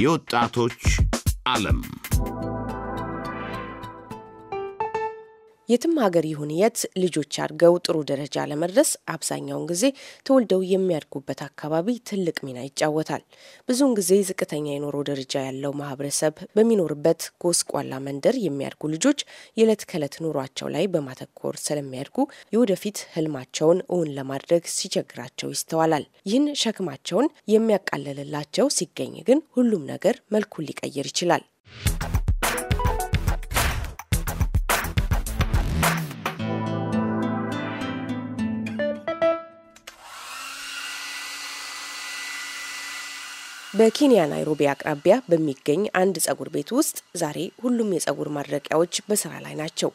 የወጣቶች ዓለም የትም ሀገር ይሁን የት ልጆች አድገው ጥሩ ደረጃ ለመድረስ አብዛኛውን ጊዜ ተወልደው የሚያድጉበት አካባቢ ትልቅ ሚና ይጫወታል። ብዙውን ጊዜ ዝቅተኛ የኑሮ ደረጃ ያለው ማህበረሰብ በሚኖርበት ጎስቋላ መንደር የሚያድጉ ልጆች የዕለት ከዕለት ኑሯቸው ላይ በማተኮር ስለሚያድጉ የወደፊት ህልማቸውን እውን ለማድረግ ሲቸግራቸው ይስተዋላል። ይህን ሸክማቸውን የሚያቃልልላቸው ሲገኝ ግን ሁሉም ነገር መልኩን ሊቀይር ይችላል። በኬንያ ናይሮቢ አቅራቢያ በሚገኝ አንድ ጸጉር ቤት ውስጥ ዛሬ ሁሉም የጸጉር ማድረቂያዎች በስራ ላይ ናቸው።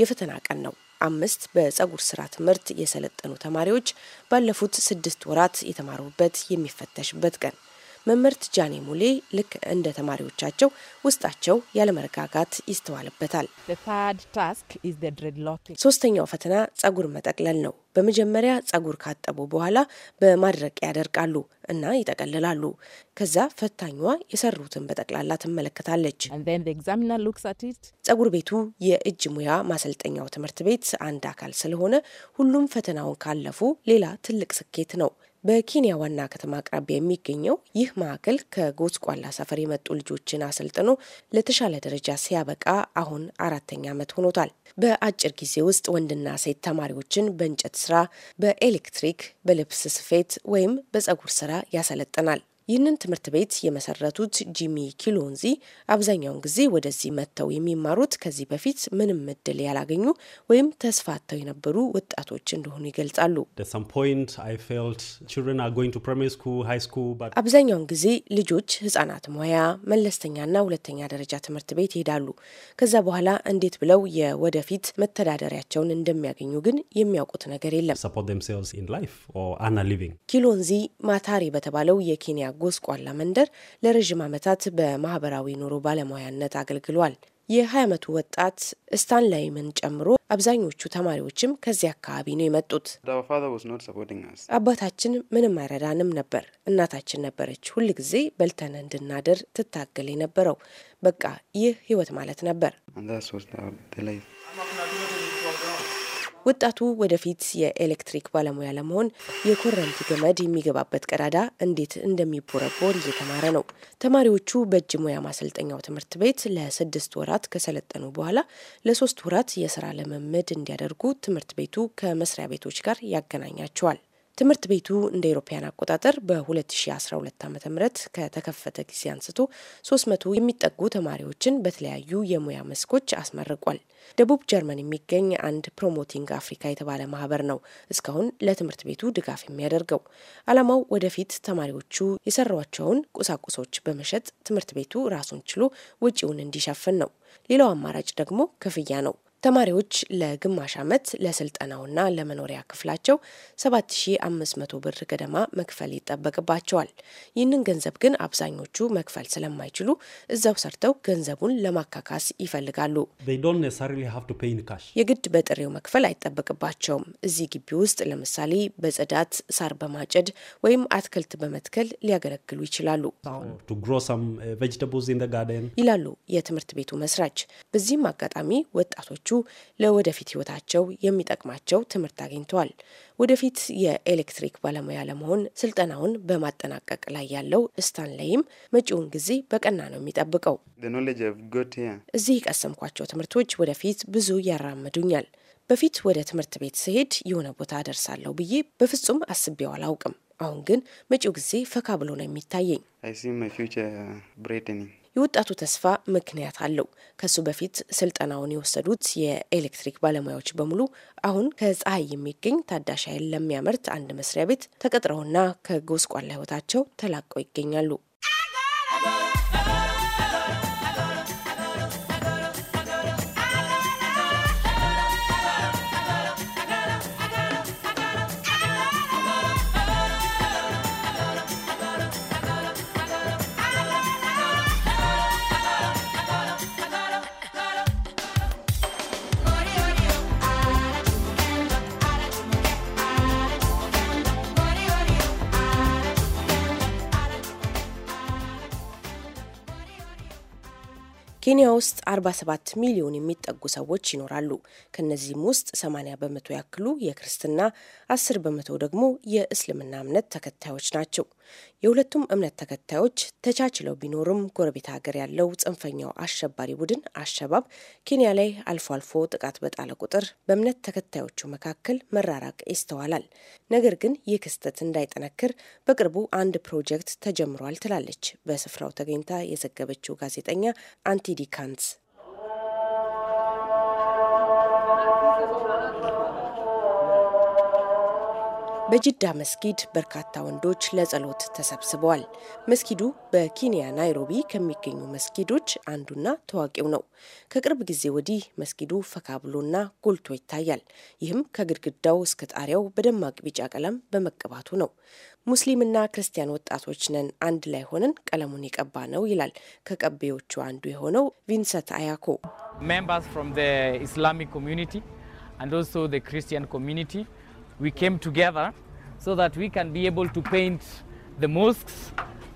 የፈተና ቀን ነው። አምስት በጸጉር ስራ ትምህርት የሰለጠኑ ተማሪዎች ባለፉት ስድስት ወራት የተማሩበት የሚፈተሽበት ቀን። መምህርት ጃኔ ሙሌ ልክ እንደ ተማሪዎቻቸው ውስጣቸው ያለመረጋጋት ይስተዋልበታል። ሶስተኛው ፈተና ጸጉር መጠቅለል ነው። በመጀመሪያ ጸጉር ካጠቡ በኋላ በማድረቅ ያደርቃሉ እና ይጠቀልላሉ። ከዛ ፈታኟ የሰሩትን በጠቅላላ ትመለከታለች። ጸጉር ቤቱ የእጅ ሙያ ማሰልጠኛው ትምህርት ቤት አንድ አካል ስለሆነ ሁሉም ፈተናውን ካለፉ ሌላ ትልቅ ስኬት ነው። በኬንያ ዋና ከተማ አቅራቢያ የሚገኘው ይህ ማዕከል ከጎስቋላ ሰፈር የመጡ ልጆችን አሰልጥኖ ለተሻለ ደረጃ ሲያበቃ አሁን አራተኛ ዓመት ሆኖታል። በአጭር ጊዜ ውስጥ ወንድና ሴት ተማሪዎችን በእንጨት ስራ፣ በኤሌክትሪክ፣ በልብስ ስፌት ወይም በጸጉር ስራ ያሰለጥናል። ይህንን ትምህርት ቤት የመሰረቱት ጂሚ ኪሎንዚ አብዛኛውን ጊዜ ወደዚህ መጥተው የሚማሩት ከዚህ በፊት ምንም እድል ያላገኙ ወይም ተስፋ አጥተው የነበሩ ወጣቶች እንደሆኑ ይገልጻሉ። አብዛኛውን ጊዜ ልጆች ህጻናት ሙያ፣ መለስተኛና ሁለተኛ ደረጃ ትምህርት ቤት ይሄዳሉ። ከዛ በኋላ እንዴት ብለው የወደፊት መተዳደሪያቸውን እንደሚያገኙ ግን የሚያውቁት ነገር የለም። ኪሎንዚ ማታሪ በተባለው የኬንያ ጎስቋላ መንደር ለረዥም ዓመታት በማህበራዊ ኑሮ ባለሙያነት አገልግሏል። የ20 ዓመቱ ወጣት ስታንላይምን ጨምሮ አብዛኞቹ ተማሪዎችም ከዚህ አካባቢ ነው የመጡት። አባታችን ምንም አይረዳንም ነበር። እናታችን ነበረች ሁል ጊዜ በልተን እንድናደር ትታገል የነበረው። በቃ ይህ ህይወት ማለት ነበር። ወጣቱ ወደፊት የኤሌክትሪክ ባለሙያ ለመሆን የኮረንቲ ገመድ የሚገባበት ቀዳዳ እንዴት እንደሚቦረቦር እየተማረ ነው። ተማሪዎቹ በእጅ ሙያ ማሰልጠኛው ትምህርት ቤት ለስድስት ወራት ከሰለጠኑ በኋላ ለሶስት ወራት የስራ ልምምድ እንዲያደርጉ ትምህርት ቤቱ ከመስሪያ ቤቶች ጋር ያገናኛቸዋል። ትምህርት ቤቱ እንደ ኤሮፓያን አቆጣጠር በ2012 ዓ ም ከተከፈተ ጊዜ አንስቶ 300 የሚጠጉ ተማሪዎችን በተለያዩ የሙያ መስኮች አስመርቋል። ደቡብ ጀርመን የሚገኝ አንድ ፕሮሞቲንግ አፍሪካ የተባለ ማህበር ነው እስካሁን ለትምህርት ቤቱ ድጋፍ የሚያደርገው። ዓላማው ወደፊት ተማሪዎቹ የሰሯቸውን ቁሳቁሶች በመሸጥ ትምህርት ቤቱ ራሱን ችሎ ወጪውን እንዲሸፍን ነው። ሌላው አማራጭ ደግሞ ክፍያ ነው። ተማሪዎች ለግማሽ ዓመት ለስልጠናውና ለመኖሪያ ክፍላቸው 7500 ብር ገደማ መክፈል ይጠበቅባቸዋል። ይህንን ገንዘብ ግን አብዛኞቹ መክፈል ስለማይችሉ እዛው ሰርተው ገንዘቡን ለማካካስ ይፈልጋሉ። የግድ በጥሬው መክፈል አይጠበቅባቸውም። እዚህ ግቢ ውስጥ ለምሳሌ በጽዳት፣ ሳር በማጨድ ወይም አትክልት በመትከል ሊያገለግሉ ይችላሉ uh, ይላሉ የትምህርት ቤቱ መስራች። በዚህም አጋጣሚ ወጣቶች። ለወደፊት ህይወታቸው የሚጠቅማቸው ትምህርት አግኝተዋል። ወደፊት የኤሌክትሪክ ባለሙያ ለመሆን ስልጠናውን በማጠናቀቅ ላይ ያለው ስታንሌይም መጪውን ጊዜ በቀና ነው የሚጠብቀው። እዚህ የቀሰምኳቸው ትምህርቶች ወደፊት ብዙ ያራምዱኛል። በፊት ወደ ትምህርት ቤት ስሄድ የሆነ ቦታ አደርሳለሁ ብዬ በፍጹም አስቤው አላውቅም። አሁን ግን መጪው ጊዜ ፈካ ብሎ ነው የሚታየኝ። የወጣቱ ተስፋ ምክንያት አለው። ከሱ በፊት ስልጠናውን የወሰዱት የኤሌክትሪክ ባለሙያዎች በሙሉ አሁን ከፀሐይ የሚገኝ ታዳሽ ኃይል ለሚያመርት አንድ መስሪያ ቤት ተቀጥረውና ከጎስቋላ ሕይወታቸው ተላቀው ይገኛሉ። ኬንያ ውስጥ 47 ሚሊዮን የሚጠጉ ሰዎች ይኖራሉ። ከነዚህም ውስጥ 80 በመቶ ያክሉ የክርስትና፣ 10 በመቶ ደግሞ የእስልምና እምነት ተከታዮች ናቸው። የሁለቱም እምነት ተከታዮች ተቻችለው ቢኖሩም ጎረቤት ሀገር ያለው ጽንፈኛው አሸባሪ ቡድን አሸባብ ኬንያ ላይ አልፎ አልፎ ጥቃት በጣለ ቁጥር በእምነት ተከታዮቹ መካከል መራራቅ ይስተዋላል። ነገር ግን ይህ ክስተት እንዳይጠነክር በቅርቡ አንድ ፕሮጀክት ተጀምሯል ትላለች በስፍራው ተገኝታ የዘገበችው ጋዜጠኛ አንቲዲካንስ። በጅዳ መስጊድ በርካታ ወንዶች ለጸሎት ተሰብስበዋል። መስጊዱ በኬንያ ናይሮቢ ከሚገኙ መስጊዶች አንዱና ታዋቂው ነው። ከቅርብ ጊዜ ወዲህ መስጊዱ ፈካ ብሎና ጎልቶ ይታያል። ይህም ከግድግዳው እስከ ጣሪያው በደማቅ ቢጫ ቀለም በመቀባቱ ነው። ሙስሊምና ክርስቲያን ወጣቶች ነን አንድ ላይ ሆነን ቀለሙን የቀባ ነው ይላል ከቀቤዎቹ አንዱ የሆነው ቪንሰት አያኮ ሜምበርስ ፍሮም ዘ ኢስላሚክ ኮሚዩኒቲ አንድ ኦልሶ ዘ ክርስቲያን we came together so that we can be able to paint the mosques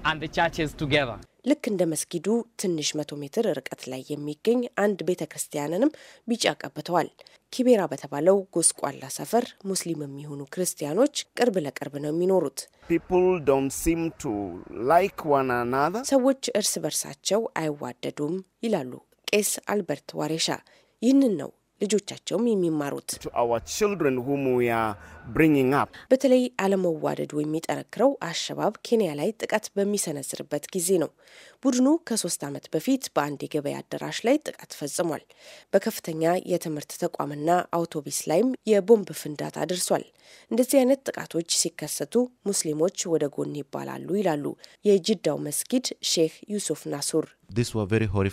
and the churches together. ልክ እንደ መስጊዱ ትንሽ መቶ ሜትር ርቀት ላይ የሚገኝ አንድ ቤተ ክርስቲያንንም ቢጫ ቀብተዋል። ኪቤራ በተባለው ጎስቋላ ሰፈር ሙስሊም የሚሆኑ ክርስቲያኖች ቅርብ ለቅርብ ነው የሚኖሩት። ሰዎች እርስ በርሳቸው አይዋደዱም ይላሉ ቄስ አልበርት ዋሬሻ። ይህንን ነው ልጆቻቸውም የሚማሩት። በተለይ አለመዋደዱ የሚጠረክረው አሸባብ ኬንያ ላይ ጥቃት በሚሰነዝርበት ጊዜ ነው። ቡድኑ ከሶስት ዓመት በፊት በአንድ የገበያ አዳራሽ ላይ ጥቃት ፈጽሟል። በከፍተኛ የትምህርት ተቋምና አውቶቡስ ላይም የቦምብ ፍንዳታ ደርሷል። እንደዚህ አይነት ጥቃቶች ሲከሰቱ ሙስሊሞች ወደ ጎን ይባላሉ ይላሉ የጅዳው መስጊድ ሼህ ዩሱፍ ናሱር Uh,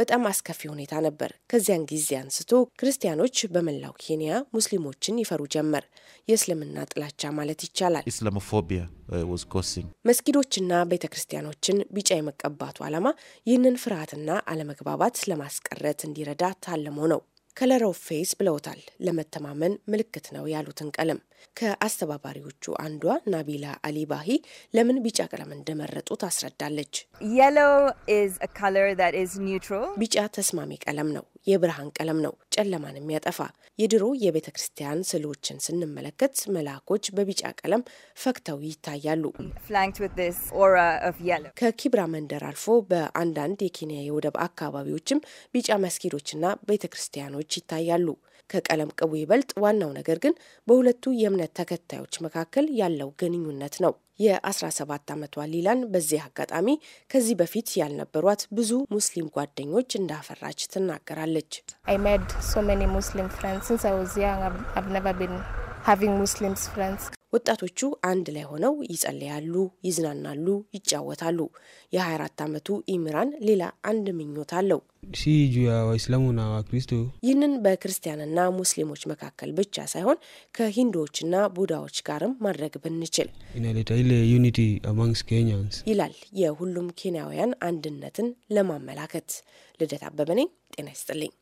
በጣም አስከፊ ሁኔታ ነበር። ከዚያን ጊዜ አንስቶ ክርስቲያኖች በመላው ኬንያ ሙስሊሞችን ይፈሩ ጀመር። የእስልምና ጥላቻ ማለት ይቻላል ኢስላሞፎቢያ uh, መስጊዶችና ቤተ ክርስቲያኖችን ቢጫ የመቀባቱ ዓላማ ይህንን ፍርሃትና አለመግባባት ለማስቀረት እንዲረዳ ታልሞ ነው። ከለሮ ፌስ ብለውታል። ለመተማመን ምልክት ነው ያሉትን ቀለም ከአስተባባሪዎቹ አንዷ ናቢላ አሊባሂ ለምን ቢጫ ቀለም እንደመረጡ ታስረዳለች። ቢጫ ተስማሚ ቀለም ነው። የብርሃን ቀለም ነው። ጨለማን የሚያጠፋ የድሮ የቤተ ክርስቲያን ስዕሎችን ስንመለከት መልአኮች በቢጫ ቀለም ፈክተው ይታያሉ። ከኪብራ መንደር አልፎ በአንዳንድ የኬንያ የወደብ አካባቢዎችም ቢጫ መስጊዶችና ቤተ ክርስቲያኖች ይታያሉ። ከቀለም ቅቡ ይበልጥ ዋናው ነገር ግን በሁለቱ የ እምነት ተከታዮች መካከል ያለው ግንኙነት ነው። የ17 ዓመቷ ሊላን በዚህ አጋጣሚ ከዚህ በፊት ያልነበሯት ብዙ ሙስሊም ጓደኞች እንዳፈራች ትናገራለች። ሙስሊም ወጣቶቹ አንድ ላይ ሆነው ይጸለያሉ፣ ይዝናናሉ፣ ይጫወታሉ። የ24 ዓመቱ ኢምራን ሌላ አንድ ምኞት አለው። ይህንን በክርስቲያንና ሙስሊሞች መካከል ብቻ ሳይሆን ከሂንዶዎችና ቡዳዎች ጋርም ማድረግ ብንችል ይላል። የሁሉም ኬንያውያን አንድነትን ለማመላከት ልደት አበበ ነኝ። ጤና ይስጥልኝ።